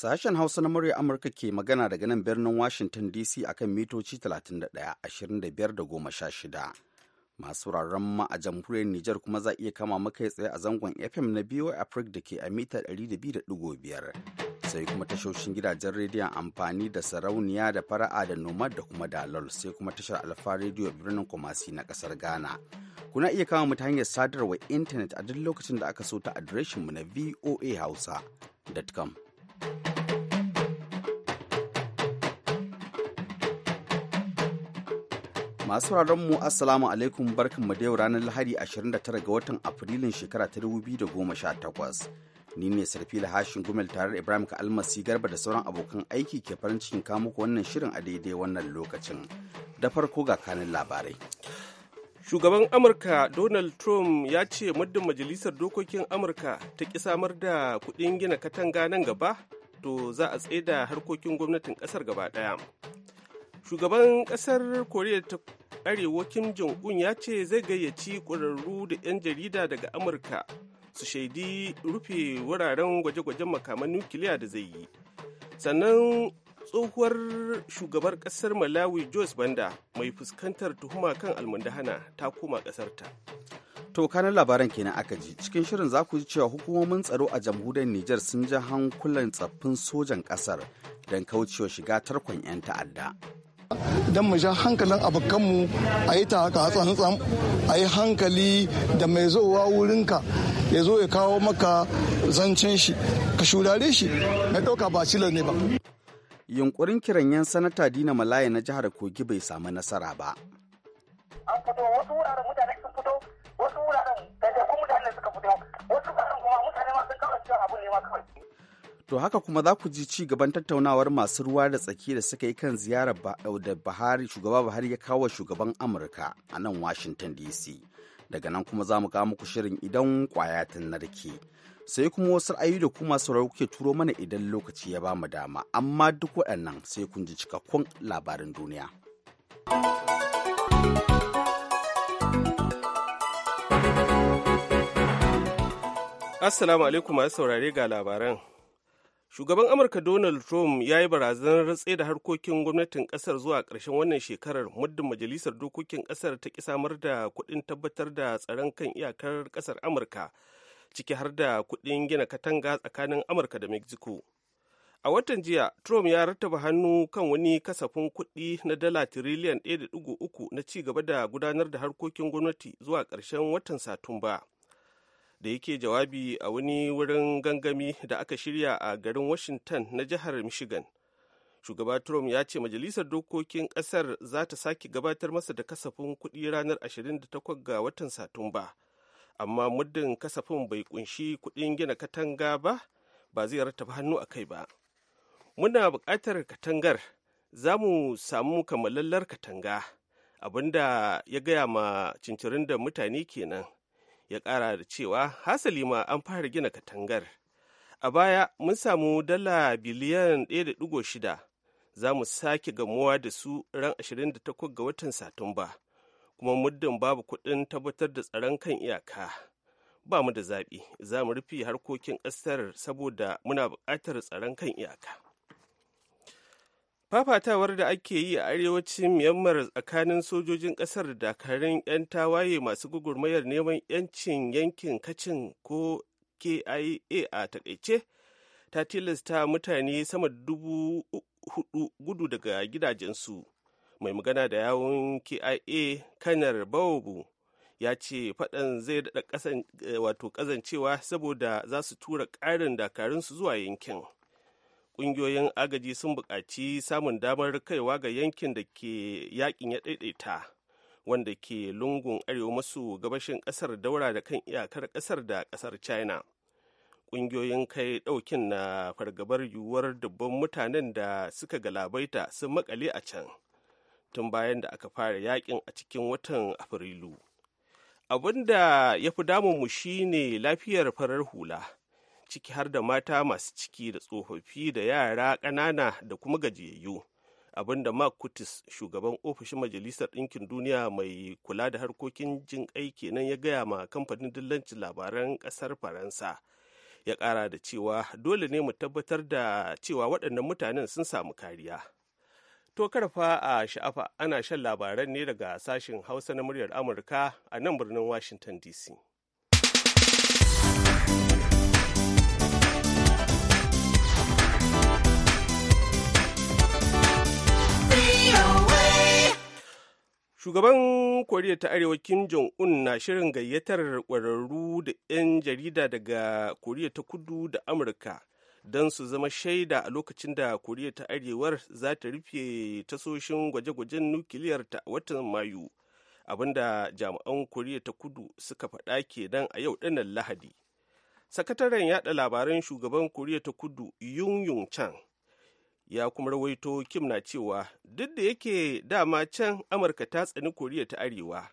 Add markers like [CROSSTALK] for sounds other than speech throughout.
Sashen Hausa na murya Amurka ke magana daga nan birnin Washington DC a kan mitoci 31, 25 da 16. Masu rarren ma a jamhuriyar Nijar kuma za iya kama makai tsaye a zangon FM na BOA Africa da ke a mita 200.5. Sai kuma tashoshin gidajen rediyon amfani da sarauniya da fara'a da nomad da kuma dalol sai kuma tashar alfa rediyo birnin Kumasi na kasar Ghana. Kuna iya kama mu ta hanyar sadarwa intanet a duk lokacin da aka so ta adireshinmu na voa hausa.com. Masu mu Assalamu alaikum barkan mu da yau ranar Lahadi 29 ga watan Afrilun shekara ta 2018. Ni ne Sarfi hashim Gumel tare da Ibrahim Almasi Garba da sauran abokan aiki ke farin cikin muku wannan shirin a daidai wannan lokacin. Da farko ga kanin labarai. Shugaban Amurka Donald Trump ya ce muddin Majalisar Dokokin Amurka ta ƙi samar da kuɗin gina katanga nan gaba to za a tsaida harkokin gwamnatin kasar gaba daya shugaban kasar koriya ta arewa kim jong-un ya ce zai gayyaci ƙwararru da 'yan jarida daga amurka su shaidi rufe wuraren gwaje-gwajen makaman nukiliya da zai yi sannan tsohuwar shugabar kasar malawi joyce banda mai fuskantar tuhuma kan almundahana ta koma ƙasarta. To kanan labaran kenan aka ji cikin shirin za ku ji cewa hukumomin tsaro a jamhuriyar Nijar sun ji hankulan tsaffin sojan kasar don kaucewa shiga tarkon 'yan ta'adda. don mu sha hankalin abokanmu a yi ta haka tsantsan a yi hankali da mai zowa wurinka ya zo ya kawo maka zancen shi ka shudare shi na ɗauka ba cilar ne ba yunkurin kiran yan sanata dina malaya na jihar kogi bai samu nasara ba an fito wasu wuraren mutane sun fito To haka kuma za ku ji ci gaban tattaunawar masu ruwa da tsaki da suka yi kan ziyarar da Buhari shugaba Buhari ya kawo shugaban Amurka a nan Washington DC. Daga nan kuma za mu kawo muku shirin idan kwaya tun narke. Sai kuma wasu ra'ayi da kuma sauraro kuke turo mana idan lokaci ya ba mu dama, amma duk waɗannan sai kun ji cikakkun labarin duniya. Assalamu alaikum masu saurare ga labaran. Shugaban Amurka Donald Trump ya yi barazanar ratse da harkokin gwamnatin kasar zuwa ƙarshen wannan shekarar muddin majalisar dokokin kasar ta ki samar da kuɗin tabbatar da tsaron kan iyakar kasar Amurka ciki har da kuɗin gina katanga tsakanin Amurka da Mexico. A watan jiya, Trump ya rattaba hannu kan wani kasafin kuɗi na dala tiriliyan 1.3 na ci gaba da gudanar da harkokin gwamnati zuwa ƙarshen watan Satumba. da yake jawabi a wani wurin gangami da aka shirya a garin washington na jihar michigan shugaba trump ya ce majalisar dokokin kasar za ta sake gabatar masa da kasafin kuɗi ranar 28 ga watan satumba amma muddin kasafin bai kunshi kuɗin gina katanga ba ba zai rattaba hannu a kai ba muna buƙatar katangar za mu samu kammalallar katanga abinda ya gaya ma cincirin da mutane kenan ya ƙara da cewa hasali ma an fara gina katangar a baya mun samu dala biliyan 1.6 za mu sake gamuwa da su ran 28 ga watan satumba kuma muddin babu kuɗin tabbatar da tsaron kan iyaka ba mu da zaɓi za mu rufe harkokin ƙasar saboda muna buƙatar tsaron kan iyaka fafatawar da ake yi a arewacin myanmar tsakanin sojojin kasar da dakarun 'yan tawaye masu gugurmayar neman 'yancin yankin kacin ko kia a takaice ta tilasta mutane sama dubu hudu gudu daga gidajensu mai magana da yawon kia kanar bawobu ya ce faɗan zai daɗa eh, wato ƙazancewa saboda za su tura ƙarin dakarunsu zuwa yankin ƙungiyoyin agaji sun buƙaci samun damar kaiwa ga yankin da ke yakin ya daidaita wanda ke lungun arewa maso gabashin ƙasar daura da kan iyakar ƙasar da ƙasar china ƙungiyoyin kai ɗaukin na fargabar yiwuwar dubban mutanen da suka galabaita sun makale a can tun bayan da aka fara yakin a cikin watan afrilu abin da ya fi damun mu shine lafiyar farar hula ciki har da mata masu ciki da tsofaffi da yara ƙanana da kuma gajiyayyu abin da mark kutis shugaban ofishin majalisar ɗinkin duniya mai kula da harkokin jin aiki nan ya gaya ma kamfanin dillancin labaran ƙasar faransa ya ƙara da cewa dole ne mu tabbatar da cewa waɗannan mutanen sun samu kariya to karfa a sha'afa ana shan labaran ne daga sashen hausa na muryar amurka a nan birnin washington dc Shugaban Koriya ta Arewa Kim Jong-un na shirin gayyatar ƙwararru da 'yan jarida daga Koriya ta Kudu da Amurka don su zama shaida a lokacin da Koriya ta Arewar za ta rufe tasoshin gwaje-gwajen nukiliyar ta watan Mayu, abinda jami'an Koriya ta Kudu suka faɗa kenan a yau ɗanar Lahadi. Sakataren yaɗa labaran shugaban Koriya ta Kudu Yun Yung Chang ya kuma rawaito kim na cewa duk da yake dama can amurka ta tsani koriya ta arewa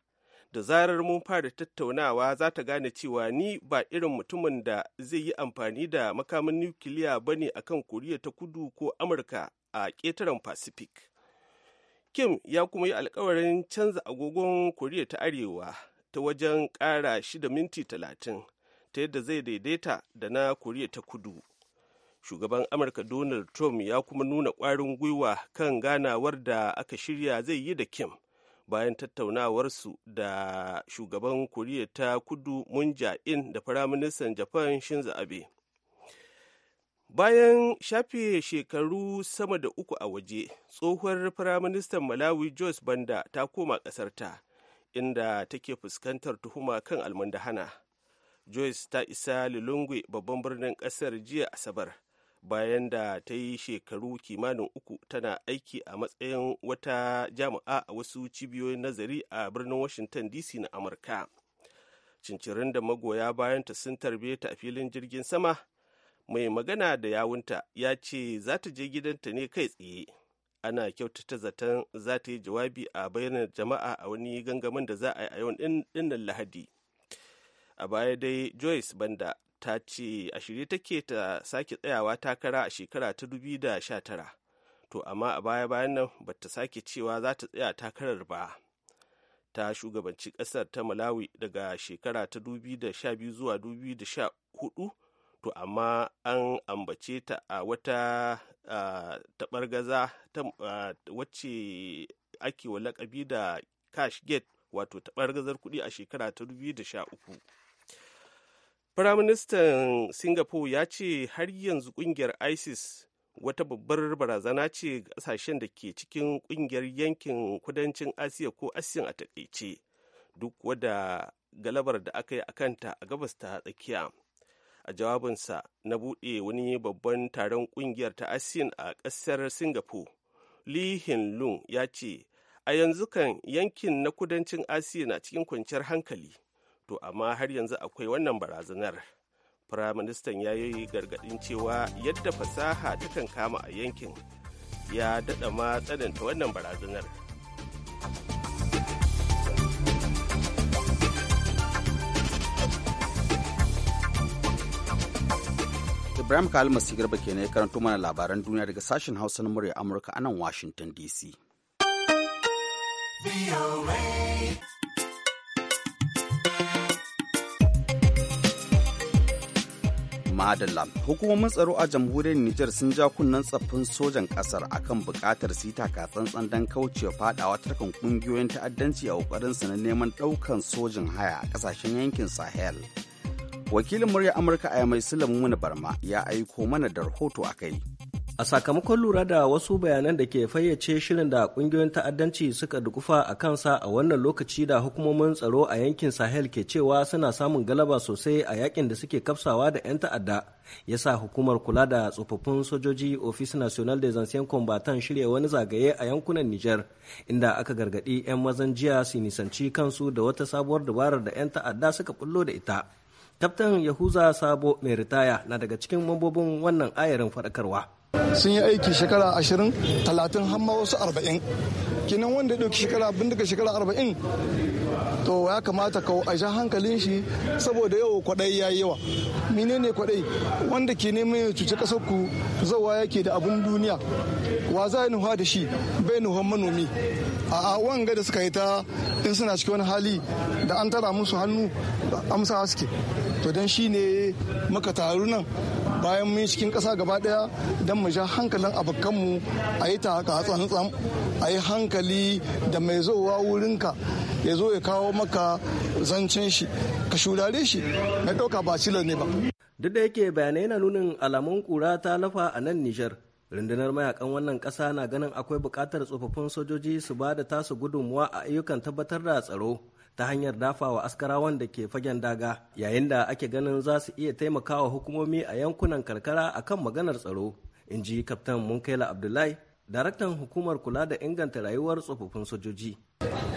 da zarar mun fara tattaunawa za ta gane cewa ni ba irin mutumin da zai yi amfani da makamin nukiliya ba ne a kan koriya ta kudu ko amurka a ƙetaren pacific kim ya kuma yi alkawarin canza agogon koriya ta arewa ta wajen ƙara shida minti talatin ta yadda zai daidaita da na koriya ta kudu shugaban amurka donald trump ya kuma nuna kwarin gwiwa kan ganawar da aka shirya zai yi da kim bayan tattaunawarsu da shugaban koriya ta kudu mun in da firaministan japan shinzo abe bayan shafe shekaru sama da uku a waje tsohuwar firaministan malawi jos banda ta koma ƙasarta inda take fuskantar tuhuma kan almundahana joyce ta isa lilongwe babban birnin ƙasar jiya asabar bayan da ta yi shekaru kimanin uku tana aiki a matsayin wata jami'a a wasu cibiyoyin nazari a birnin washington dc na amurka cincirin da magoya bayanta sun tarbe ta a filin jirgin sama mai magana da yawunta ya ce za ta je gidanta ne kai tsaye ana kyautata zaton za ta yi jawabi a bayanan jama'a a wani gangamin da za a yi a yau dinnan lahadi a baya dai joyce banda ta ce a shirye take ta sake tsayawa takara a shekara ta 2019 to amma a baya-bayan nan bata sake cewa za ta tsaya takarar ba ta shugabanci kasar ta malawi daga shekara ta 2012 zuwa 2014 to amma an ambace ta a wata taɓargaza wacce ake wa lakabi da cash gate wato taɓargazar kuɗi a shekara ta 2013 Firaministan Singapore ya ce har yanzu kungiyar ISIS wata babbar barazana ce ga ƙasashen da ke cikin kungiyar yankin kudancin Asiya ko Asiyan a takaice duk wada galabar da aka yi a kanta a gabas ta tsakiya. A jawabinsa na buɗe wani babban taron kungiyar ta ASEAN a ƙasar Singapore, Lee Hin Lung ya ce, A yanzu kan yankin na kudancin Asiya na cikin kwanciyar hankali. to amma har yanzu akwai wannan barazanar firaministan ya yi gargaɗin cewa yadda fasaha takan kama a yankin ya daɗa ma tsananta wannan barazanar ibrahim masu garba ke ya karanto mana labaran duniya daga sashen hausa na murya amurka a nan washington dc Madalla. Hukumomin tsaro a jamhuriyar Nijar sun ja kunnen tsaffin sojan ƙasar akan bukatar su kafin tsantsan don kaucewa fadawa tarkan ƙungiyoyin ta'addanci a su na neman ɗaukan sojin haya a kasashen yankin Sahel. Wakilin murya Amurka a mai Sulaimu Barma ya aiko mana da rahoto a kai. A sakamakon lura da wasu bayanan da ke fayyace shirin da kungiyoyin ta'addanci suka dukufa a kansa a wannan lokaci da hukumomin tsaro a yankin Sahel ke cewa suna samun galaba sosai a yakin da suke kafsawa da 'yan ta'adda, ya sa hukumar kula da tsofaffin sojoji Office National des Anciens Combattants shirya wani zagaye a yankunan Nijar, inda aka gargaɗi 'yan mazan jiya su nisanci kansu da wata sabuwar dabarar da 'yan ta'adda suka bullo da ita. Kaftan Yahuza Sabo mai ritaya na daga cikin mambobin wannan ayarin faɗakarwa. sun yi aiki shekara ashirin talatin hamma wasu arba'in kinan wanda ya ɗauki shekara abin daga shekara arba'in to ya kamata ka a sha hankalin shi saboda yau kwaɗayi ya yi yawa menene kwaɗayi wanda ke neman ya cuci ƙasar ku zawa yake da abun duniya wa za a nuha da shi bai nuhan manomi a wanga da suka yi ta in suna cikin wani hali da an tara musu hannu amsa haske to don shi ne muka taru nan bayan mun cikin ƙasa gaba ɗaya don mu ja hankalin abokanmu a yi ta haka tsantsan a yi hankali da mai zowa wurinka ya zo ya kawo maka zancen shi ka shurare shi na ɗauka ba cila ne ba duk da yake bayanai na nunin alamun kura ta lafa a nan nijar rundunar mayakan wannan ƙasa na ganin akwai bukatar tsofaffin sojoji su ba da tasu gudunmuwa a ayyukan tabbatar da tsaro ta hanyar dafa wa askarawan da ke fagen daga yayin da ake ganin za su iya taimakawa hukumomi a yankunan karkara akan maganar tsaro in ji kaftan munkaila abdullahi daraktan hukumar kula da inganta rayuwar tsofaffin sojoji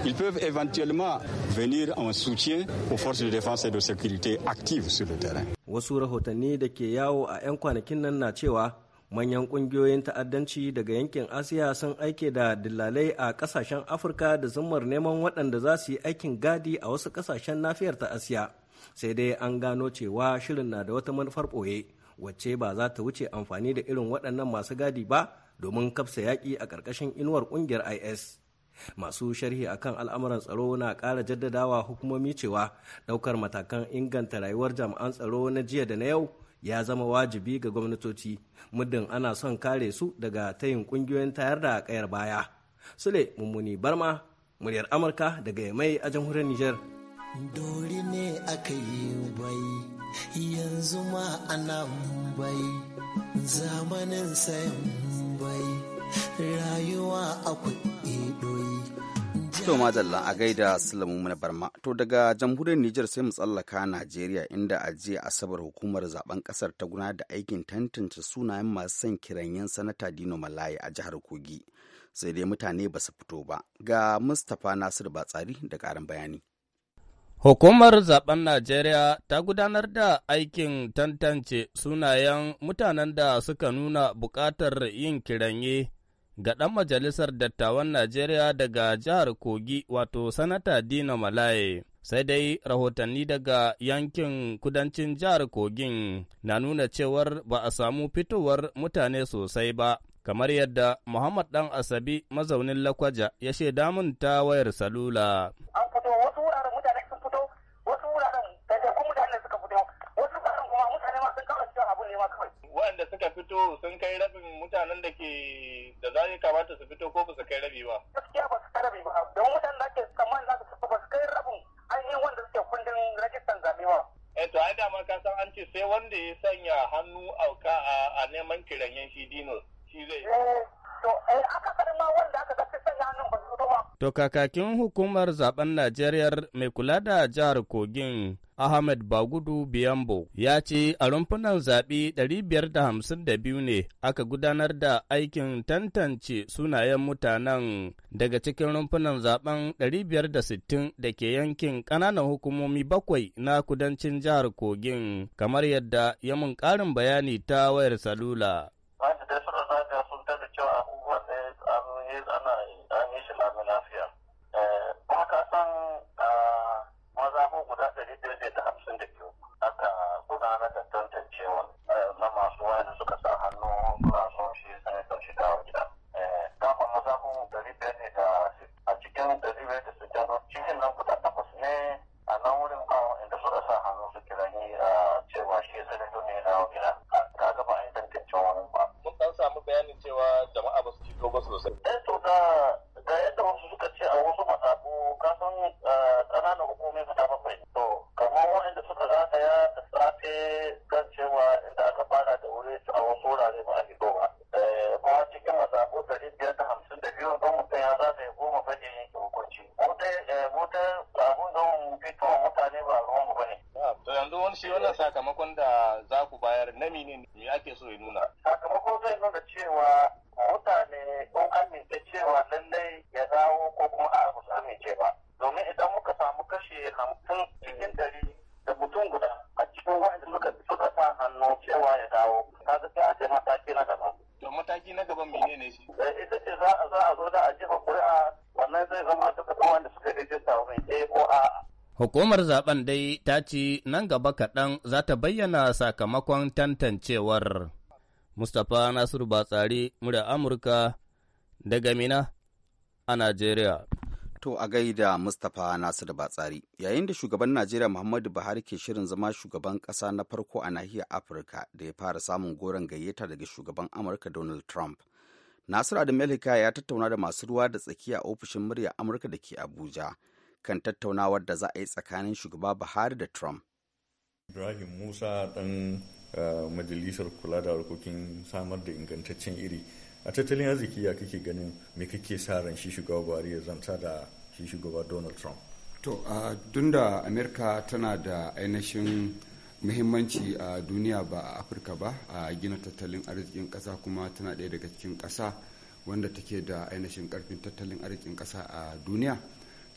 Ils peuvent éventuellement venir en soutien aux forces de défense et de sécurité actives sur le terrain. Wasu rahotanni da ke yawo a 'yan kwanakin nan na cewa manyan ƙungiyoyin ta'addanci daga yankin asiya sun aike da dillalai a ƙasashen afirka da zummar neman waɗanda za su yi aikin gadi a wasu ƙasashen nafiyar ta asiya sai dai an gano cewa shirin na da wata manufar ɓoye wacce ba za ta wuce amfani da irin waɗannan masu gadi ba domin kafsa yaƙi a ƙarƙashin inuwar ƙungiyar is masu sharhi akan al'amuran tsaro na ƙara jaddadawa hukumomi cewa ɗaukar matakan inganta rayuwar jami'an tsaro na jiya da na yau ya zama wajibi ga gwamnatoci muddin ana son kare su daga tayin kungiyoyin tayar da kayar baya sule mummuni barma muryar amurka daga mai a jamhuriyar niger dori ne aka yi bai yanzu ma ana bai zamanin sayan bai rayuwa a kuɗi To madalla a gaida Sulamu mana barma. To daga jamhuriyar Nijar sai mu tsallaka Najeriya inda a jiya Asabar hukumar zaben kasar ta gudanar da aikin tantance sunayen masu son kiranyen sanata Dino Malaye a jihar Kogi. Sai dai mutane ba su fito ba. Ga Mustapha Nasir Batsari da karin bayani. Hukumar zaben Najeriya ta gudanar da aikin tantance sunayen mutanen da suka nuna buƙatar yin kiranye ga ɗan majalisar dattawan Najeriya daga jihar Kogi wato Sanata Dina Malaye. Sai dai rahotanni daga yankin kudancin jihar Kogin na nuna cewar ba a samu fitowar mutane sosai ba, kamar yadda Muhammad ɗan Asabi mazaunin Lakwaja ya shaida mun ta wayar salula. An fito waɗanda suka fito sun kai rabin mutanen da ke da za kamata su fito ko ba su kai rabi ba. Gaskiya ba su kai rabi ba, don mutanen da ke tsammanin za su fito ba su kai rabin ainihin wanda suke kundin rajistan zaɓe ba. Eh to ai dama ka san an ce sai wanda ya sanya hannu auka a neman kiranyen shi dino shi zai. Eh, Eh, to kakakin hukumar zaben Najeriya mai kula da jihar Kogin Ahmed Bagudu Biyambo ya ce a rumfunan zaɓe 552 ne aka gudanar da aikin tantance sunayen mutanen daga cikin rumfunan zaben 560 da ke yankin ƙananan hukumomi bakwai na kudancin jihar Kogin kamar yadda ya mun ƙarin bayani ta wayar salula. Hukumar zaben dai ta ce nan gaba kaɗan za ta bayyana sakamakon tantancewar. Mustapha Nasiru Batsari, murya Amurka, daga Mina a Najeriya. To a gaida Mustapha Nasiru Batsari, yayin da shugaban Najeriya Muhammadu Buhari ke shirin zama shugaban ƙasa na farko a nahiyar Afirka da ya fara samun goron gayyata daga shugaban Amurka Donald Trump. Nasiru Adamelika ya tattauna da masu ruwa da tsakiya ofishin murya Amurka da ke Abuja. kan tattaunawar da za a yi tsakanin shugaba Buhari da Trump. Ibrahim Musa ɗan eh, majalisar kula da harkokin samar da ingantaccen iri. A tattalin arziki ya kake ganin me kake sa ran shi shugaba Buhari ya zanta da shi shugaba Donald Trump? To, tun da Amerika tana da ainihin muhimmanci a duniya ba a Afirka ba a gina tattalin arzikin kasa kuma tana ɗaya daga cikin ƙasa wanda take da ainihin karfin tattalin arzikin ƙasa a duniya.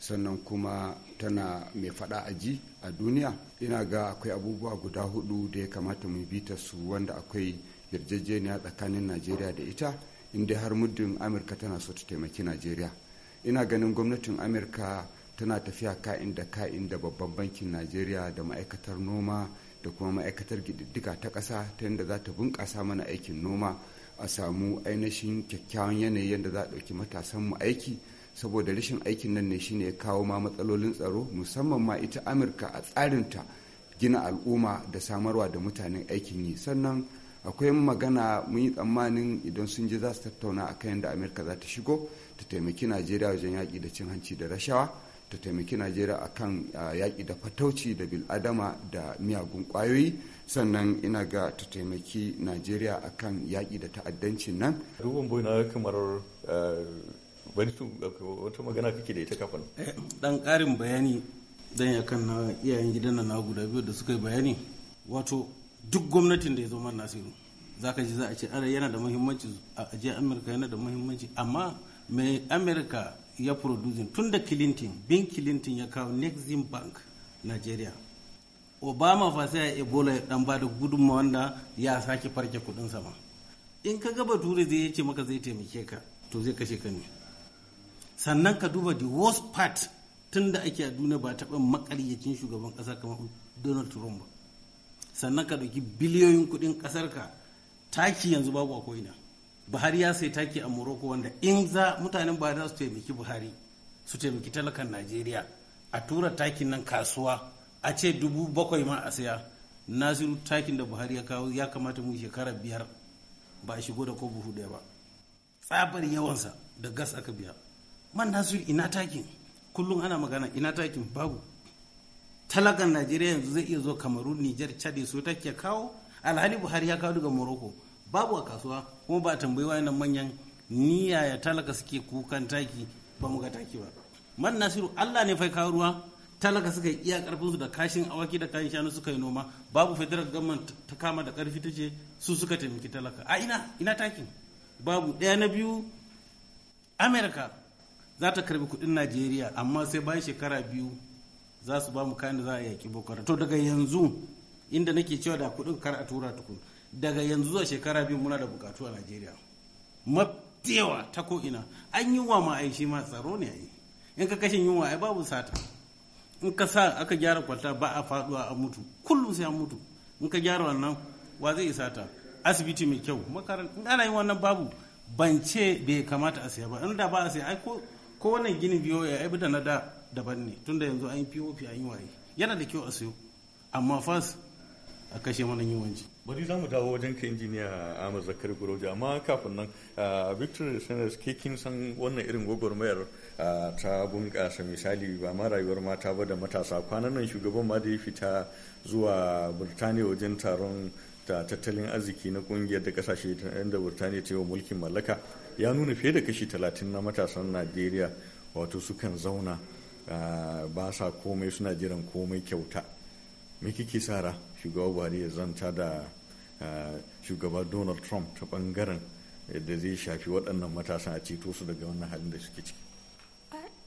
sannan kuma tana mai fada a ji a duniya ina ga akwai abubuwa guda hudu da ya kamata mu ta su wanda akwai yarjejeniya tsakanin najeriya da ita inda har muddin amurka tana so ta taimaki najeriya ina ganin gwamnatin amurka tana tafiya ka'in da ka'in da babban bankin najeriya da ma'aikatar noma da kuma ma'aikatar gididdika ta ƙasa ta yadda za ta bunƙasa mana aikin noma a samu ainihin kyakkyawan yanayi yadda za a ɗauki matasanmu aiki saboda rashin aikin nan ne shine ya kawo ma matsalolin tsaro musamman ma ita amurka a tsarinta gina al'umma da samarwa da mutanen aikin yi sannan akwai magana mun yi tsammanin idan sun je za su tattauna akan yadda amurka za ta shigo ta taimaki najeriya wajen yaƙi da cin hanci da rashawa ta taimaki najeriya akan yaƙi da fatauci da biladama da miyagun ƙwayoyi sannan ina ga ta taimaki najeriya kan yaƙi da ta'addancin nan bari wata magana kake da ita kafin dan eh, karin bayani dan ya kan na iyayen gidan na guda biyu da suka yi bayani wato duk gwamnatin da ya zo man nasiru zaka ji za a ce ana yana da muhimmanci a je amurka yana da muhimmanci amma mai amurka ya producing tun da clinton bin clinton ya kawo nexim bank nigeria obama fa sai ebola ya dan ba da gudunmawa wanda ya sake farke kudin sama in ka gaba ture zai ce maka zai taimake ka to zai kashe ka ne sannan ka duba the worst part tun da ake a duniya ba taɓa makaryacin shugaban ƙasa kamar donald trump ba sannan ka ɗauki biliyoyin kuɗin ƙasar ka taki yanzu babu a ko'ina buhari ya sai taki a morocco wanda in za mutanen ba za su taimaki buhari su taimaki talakan najeriya a tura takin nan kasuwa a ce dubu bakwai ma a saya nasiru takin da buhari ya kawo ya kamata mu shekara biyar ba a shigo da ko buhu ɗaya ba tsabar yawansa da gas aka biya man nasu ina takin kullum ana magana ina takin babu talakan najeriya yanzu zai iya zo kamaru nijar chadi su take kawo alhali buhari ya kawo daga morocco babu a kasuwa kuma ba tambayi wayannan manyan niyya ya talaka suke kukan taki ba mu ga taki ba man nasiru allah ne fai kawo ruwa talaka suka yi iya karfin su da kashin awaki da kayan shanu suka yi noma babu federal government ta kama da karfi ta ce su suka taimaki talaka a ina ina takin babu ɗaya na biyu america za ta karbi kudin najeriya amma sai bayan shekara biyu za su ba mu kayan da za a yaki boko to daga yanzu inda nake cewa da kudin kar a tura tukun daga yanzu zuwa shekara biyu muna da bukatu a najeriya mafiyawa ta ko ina an yi wa ma aishi ma tsaro ne ai in ka kashe yunwa ai babu sata in ka sa aka gyara kwalta ba a faduwa a mutu kullum sai an mutu in ka gyara wannan wa zai isa ta asibiti mai kyau makaranta ana yin wannan babu bance bai kamata a siya ba in da ba a siya ai ko ko wannan ginin biyo ya aibu da na da daban ne tunda yanzu an yi pop an yi waye yana da kyau a sayo amma fas a kashe mana yawanci bari za mu dawo wajen ka injiniya ahmad zakari guroja amma kafin nan victor sanders ke kin san wannan irin gwagwarmayar ta bunkasa misali ba ma rayuwar mata ba da matasa kwanan nan shugaban ma da ya fita zuwa birtaniya wajen taron da tattalin arziki na kungiyar da kasashe da burtaniya ta yi wa mulkin mallaka ya nuna fiye da kashi talatin na matasan najeriya wato sukan zauna ba sa komai suna jiran komai kyauta me kike sara shugaba buhari ya zanta da shugaba donald trump ta bangaren da zai shafi waɗannan matasan a ceto su daga wannan halin da suke ciki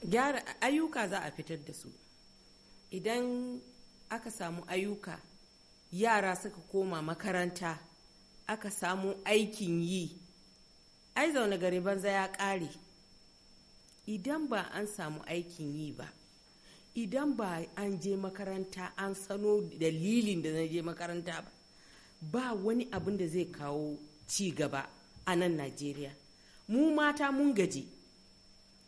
gyara ayyuka za a fitar da su idan aka samu ayyuka yara suka koma makaranta aka samu aikin yi ai zaune gari banza ya ƙare idan ba an samu aikin yi ba idan ba an je makaranta an sano dalilin da zai je makaranta ba ba wani abin da zai kawo ci gaba a nan najeriya mu mata mun gaji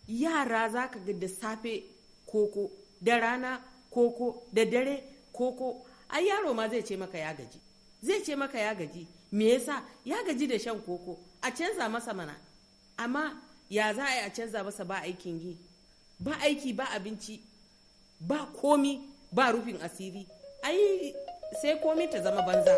yara za ka ga da safe koko da rana koko da dare koko ai yaro ma zai ce maka ya gaji zai ce maka ya gaji me yasa ya gaji da shan koko a canza masa mana amma ya za a yi a canza masa ba aikin yi ba aiki ba abinci ba komi ba rufin asiri ai sai komi ta zama banza.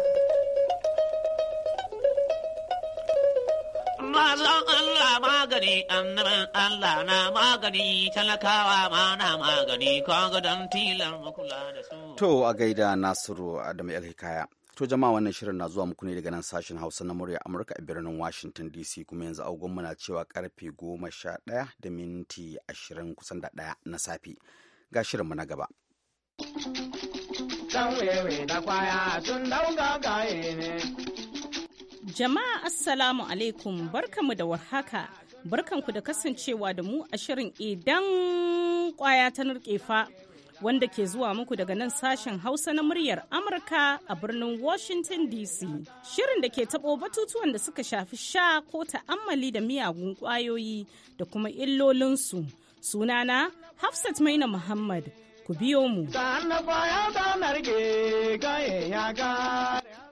mazan Allah magani annaban Allah na magani talakawa ma na magani kaga don tilar makula da su. To a gaida Nasiru Adamu Alhikaya. To jama'a wannan shirin na zuwa muku ne daga nan sashen Hausa na murya Amurka a birnin Washington DC kuma yanzu agogon muna cewa karfe goma sha ɗaya da minti ashirin kusan da ɗaya na safe. Ga mu na gaba. Dan wewe da kwaya sun dauga gaye ne. Jama'a Assalamu alaikum barkamu da warhaka barkanku da kasancewa da mu a shirin idan kwaya ta nurkefa wanda ke zuwa muku daga nan sashen Hausa na muryar Amurka a birnin Washington DC. Shirin da ke tabo batutuwan da suka shafi sha ko ta'ammali da miyagun kwayoyi da kuma illolinsu. Sunana Hafsat Maina Muhammad ku biyo mu. ya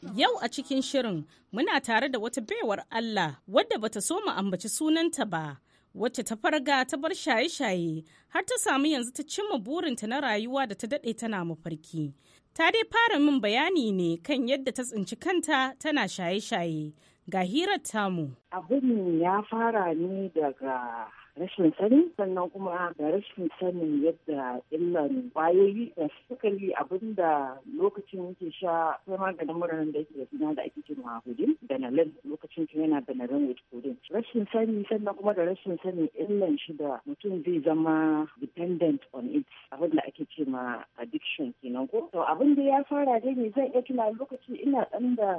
Yau a cikin shirin muna tare da wata baiwar Allah wadda bata so mu ambaci sunanta ba. wacce ta farga ta bar shaye-shaye har ta samu yanzu ta cimma burinta na rayuwa da ta daɗe tana mafarki. Ta dai fara min bayani ne kan yadda ta tsinci kanta tana shaye-shaye ga hirar tamu. Abin ya fara ne daga rashin sani sannan kuma da rashin sanin yadda illan kwayoyi da abin da lokacin yake sha sai maganin muranin da yake da suna da ake cewa hudin benalin lokacin ki yana benalin with hudin rashin sani sannan kuma da rashin sanin illan shi da mutum zai zama dependent on it abin da ake ce ma addiction kenan ko to abin da ya fara dai ne zan iya tuna lokaci ina dan da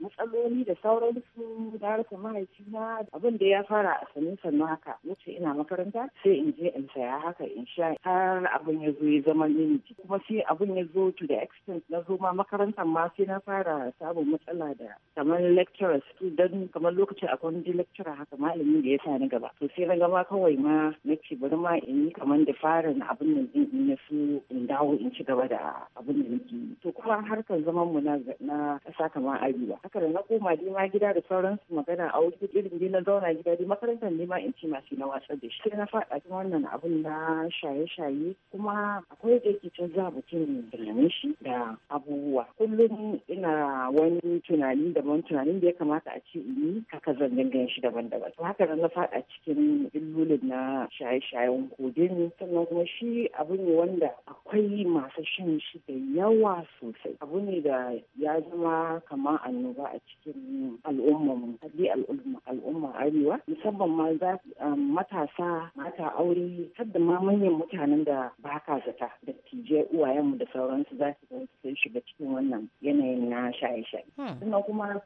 matsaloli da sauran su da harkar mahaifina abin da ya fara a sanin sannu haka wuce ina makaranta sai in je in saya haka in sha har abin ya zo ya zama mini kuma sai abin ya zo to the extent na zo ma makarantar ma sai na fara samun matsala da kamar lecturers don kamar lokacin akwai wani lecturer haka malamin da ya sa ni gaba to sai na gama kawai ma na ce bari ma in yi kamar da farin abin nan din in na su in dawo in ci gaba da abin da nake to kuma harkar zaman mu na ƙasa kamar arewa haka da na koma dai gida da Sauransu magana a wuri irin gina zauna gida dai makarantar ne ma in ce masu na wasa da shi sai na faɗa cikin wannan abun na shaye-shaye kuma akwai da yake can za mutum tunanin shi da abubuwa kullum ina wani tunani daban tunanin da ya kamata a ce in haka zan dinga shi daban-daban to haka na faɗa cikin illolin na shaye-shayen kodin sannan kuma shi abu ne wanda akwai masu shan shi da yawa sosai abu ne da ya zama kamar annoba a cikin al'umma al'umma mu bi al'umma al'umma arewa musamman ma za um, matasa mata aure hadda ma manyan mutanen da ba ka zata da tije uwayen mu da sauransu za su shiga cikin wannan yanayin na shaye-shaye hmm. sannan kuma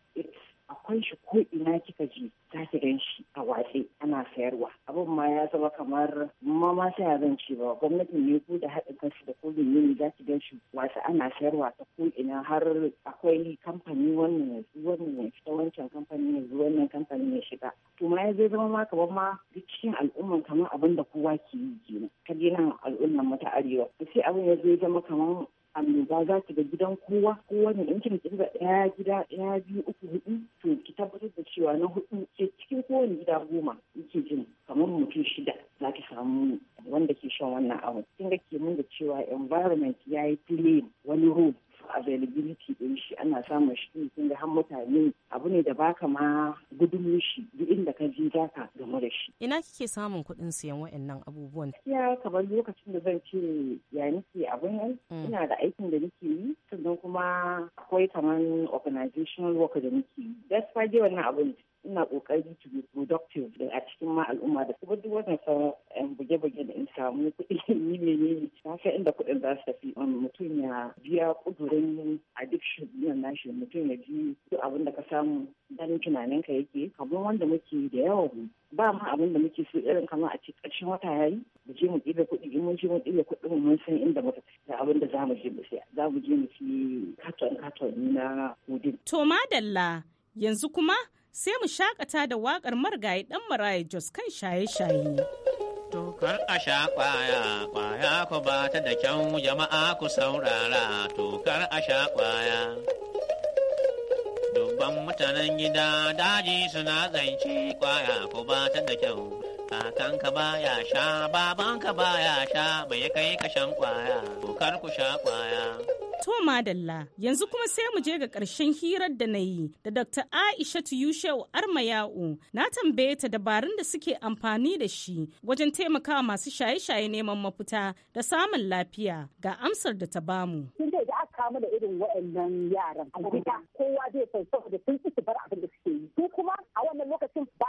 akwai shi ko ina kika ji za ki gan shi a watsi ana sayarwa abin ma ya zama kamar ma ma sai zan ci ba gwamnatin ne ku da haɗin kansu da ko ne za ki gan shi wasa ana sayarwa ta ko ina har akwai kamfani wannan yanzu wannan ne wancan kamfani zuwa wannan kamfani ya shiga to ma ya zai zama ma kamar ma duk cikin al'umman kamar abinda kowa ke yi kenan ka je nan al'umman mata arewa sai abin ya zai zama kamar annoba za ki ga gidan kowa kowane in kin ga ɗaya gida ɗaya biyu uku hudu to ki tabbatar da cewa na hudu ke cikin kowane gida goma yake jin kamar mutum shida za ki samu wanda ke shan wannan abu kin ga ke mun da cewa environment ya yi play wani role availability din shi ana samun shi sun ga har mutane abu ne da baka ma gudun shi duk inda ka ji zaka game da shi ina kike samun kuɗin siyan waɗannan abubuwan ya kamar lokacin da zan ce ya nake abun nan mm. ina da aikin da nake yi sannan kuma akwai kamar organizational work da nake yi that's why dai wannan abun ina kokari to be productive a cikin ma al'umma da kuma duk wannan sauran buge-buge da in samu kuɗi yi [LAUGHS] ne. na san inda kuɗin za su tafi mutum ya biya kudurin addiction na nashi mutum ya ji duk abin da ka samu dan tunanin ka yake kamar wanda muke da yawa ba ma abin da muke so irin kamar a ce ƙarshen wata yayi mu je mu ɗiba kuɗi in mun je mun ɗibe kuɗin mun san inda muka da abin da za mu je mu siya za mu je mu ci katon katon na hudin. To madalla yanzu kuma sai mu shakata da waƙar marigayi ɗan maraya Jos kan shaye-shaye. Tokar a sha kwaya, kwaya ku ba ta da kyau jama'a ku saurara, tokar a kwaya. Dubban mutanen gida daji suna zance kwaya ku ba ta da kyau. kakanka baya sha babanka baya sha bai kai ka shan kwaya kokar ku sha kwaya To Madalla, yanzu kuma sai mu je ga ƙarshen hirar da na yi da Dr. aisha Yushau Armayau na tambaye ta dabarun da suke amfani da shi wajen taimakawa masu shaye-shaye neman mafuta da samun lafiya ga amsar da ta bamu. Sun da aka kamu da irin waɗannan yaran a gida kowa zai san saboda sun ci su bar abin da suke yi. Su kuma a wannan lokacin ba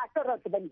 bane.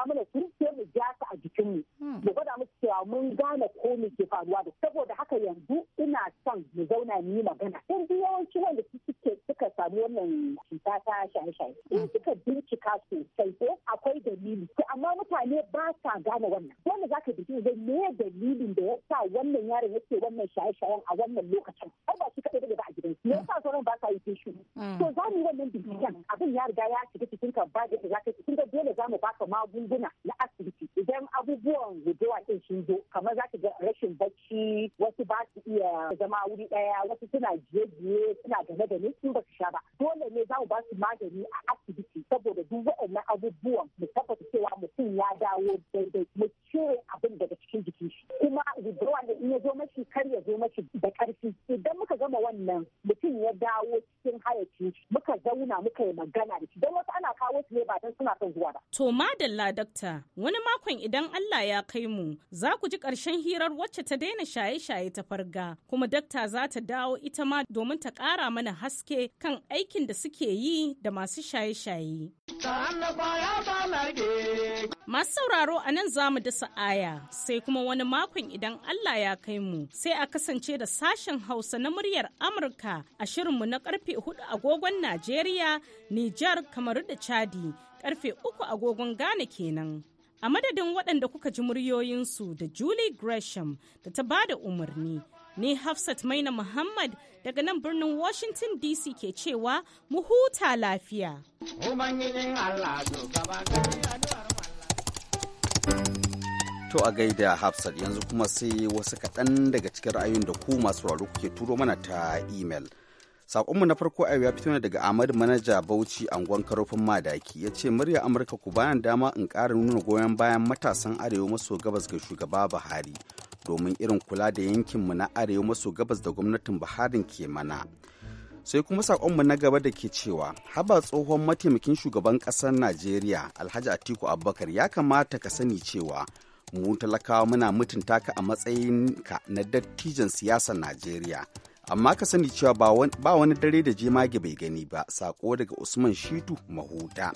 taimaka mana sun ce mu ja ta a jikinmu hmm. mu gwada musu cewa mun gane ko me ke faruwa da saboda haka yanzu ina son mu zauna ni magana in duk yawanci wanda suke suka samu wannan cuta ta shaye-shaye in hmm. suka bincika sosai ko akwai dalili to amma mutane ba sa gane wannan wanda zaka bikin zai me dalilin da ya sa wannan yaron yake wannan shaye-shayen a wannan lokacin ai ba shi kaɗai da gidan me yasa sauran ba sa yi ke shiru mm. to za mu yi wannan binciken abin ya riga ya shiga cikin ka ba da za cikin cikin dole za mu baka magunguna na asibiti idan abubuwan guduwa din sun zo kamar za ka ga rashin bacci wasu ba su iya zama wuri daya wasu suna jiye-jiye suna game da ne sun ba su sha ba dole ne za mu ba su magani a asibiti saboda duk waɗannan abubuwan mu tabbata cewa mutum ya dawo daidai mu cire abin daga cikin jikin shi kuma gujewa da in ya zo mashi kar ya zo mashi da ƙarfi idan gama wannan mutum ya dawo cikin hayaki muka zauna muka yi magana da shi don wasu ana kawo su ne ba don suna son zuwa ba. To madalla dakta wani makon idan Allah ya kai mu za ku ji ƙarshen hirar wacce ta daina shaye-shaye ta farga kuma dakta za ta dawo ita ma domin ta ƙara mana haske kan aikin da suke yi da masu shaye-shaye. Masu sauraro a nan za mu dasa aya sai kuma wani makon idan Allah ya kai mu sai a kasance da sashen Hausa na muryar Amurka a mu na karfe hudu agogon Najeriya, Nijar, Kamaru da Chadi, karfe uku agogon Ghana kenan. A madadin waɗanda kuka ji muryoyinsu da Julie Gresham da ta bada umarni. ne Hafsat Maina Muhammad daga nan birnin Washington DC ke cewa mu huta lafiya. To a gaida Hafsat yanzu kuma sai wasu kaɗan daga cikin ra'ayoyin da ku masu raro kuke turo mana ta imel. Sakonmu na farko a ya fito ne daga Ahmad Manaja Bauchi angon karofin madaki ya ce murya Amurka ku bayan dama in ƙara nuna goyon bayan matasan arewa maso gabas ga shugaba Buhari. domin irin kula da yankinmu na arewa maso gabas da gwamnatin buharin ke mana sai kuma saƙonmu na gaba da ke cewa haba tsohon mataimakin shugaban ƙasar najeriya alhaji atiku abubakar ya kamata ka sani cewa mu talakawa muna mutunta ka a matsayinka na dattijan siyasar najeriya amma ka sani cewa ba wani dare da jemage bai gani ba saƙo daga usman shitu mahuta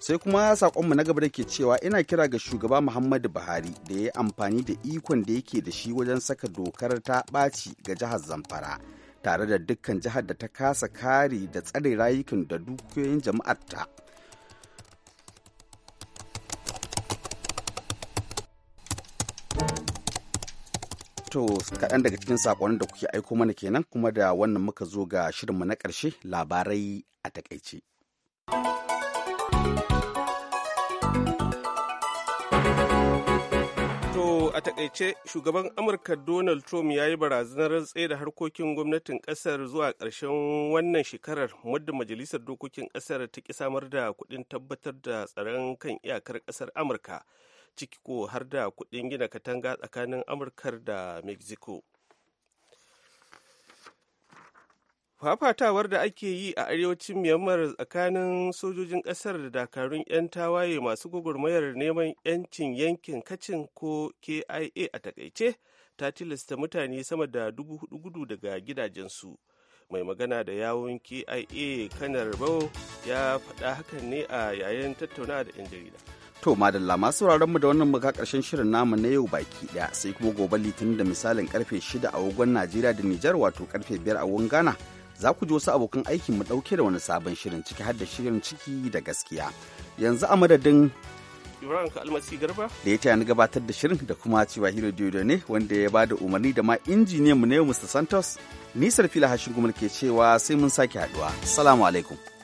sai kuma saƙonmu na gaba da ke cewa ina kira ga shugaba muhammadu buhari da ya yi amfani da ikon da yake da shi wajen saka dokar ta ɓaci ga jihar zamfara tare da dukkan jihar da ta kasa kare da tsare rayukan da dukiyoyin jama'ar ta to kaɗan daga cikin saƙonin da kuke aiko mana kenan kuma da wannan muka zo ga shirinmu na ƙarshe labarai a takaice. takaice shugaban amurka donald trump ya yi barazanar rantse da harkokin gwamnatin kasar zuwa ƙarshen wannan shekarar muddin majalisar dokokin kasar ta ki samar da kuɗin tabbatar da tsaron kan iyakar kasar amurka ciki ko har da kuɗin gina katanga tsakanin amurkar da mexico fafatawar da ake yi a arewacin myanmar tsakanin sojojin kasar da dakarun 'yan tawaye masu gwagwarmayar neman 'yancin yankin kacin ko kia a takaice ta tilasta mutane sama da dubu hudu gudu daga gidajensu mai magana da yawon kia kanar bau ya faɗa hakan ne a yayin tattauna da 'yan jarida To madalla masu mu da wannan muka karshen shirin namu na yau baki daya sai kuma gobe litinin da misalin karfe 6 a wagon Najeriya da Nijar wato karfe 5 a wagon Ghana za ku ji wasu abokan aikin mu ɗauke da wani sabon shirin ciki har da shirin ciki da gaskiya yanzu a madadin Ibrahim Almasi Garba da ya taya ni gabatar da shirin da kuma cewa Hiro Diodo ne wanda ya ba da umarni da ma injiniyan mu ne Mr. Santos nisar fila hashin gumal ke cewa sai mun sake haduwa salamu alaikum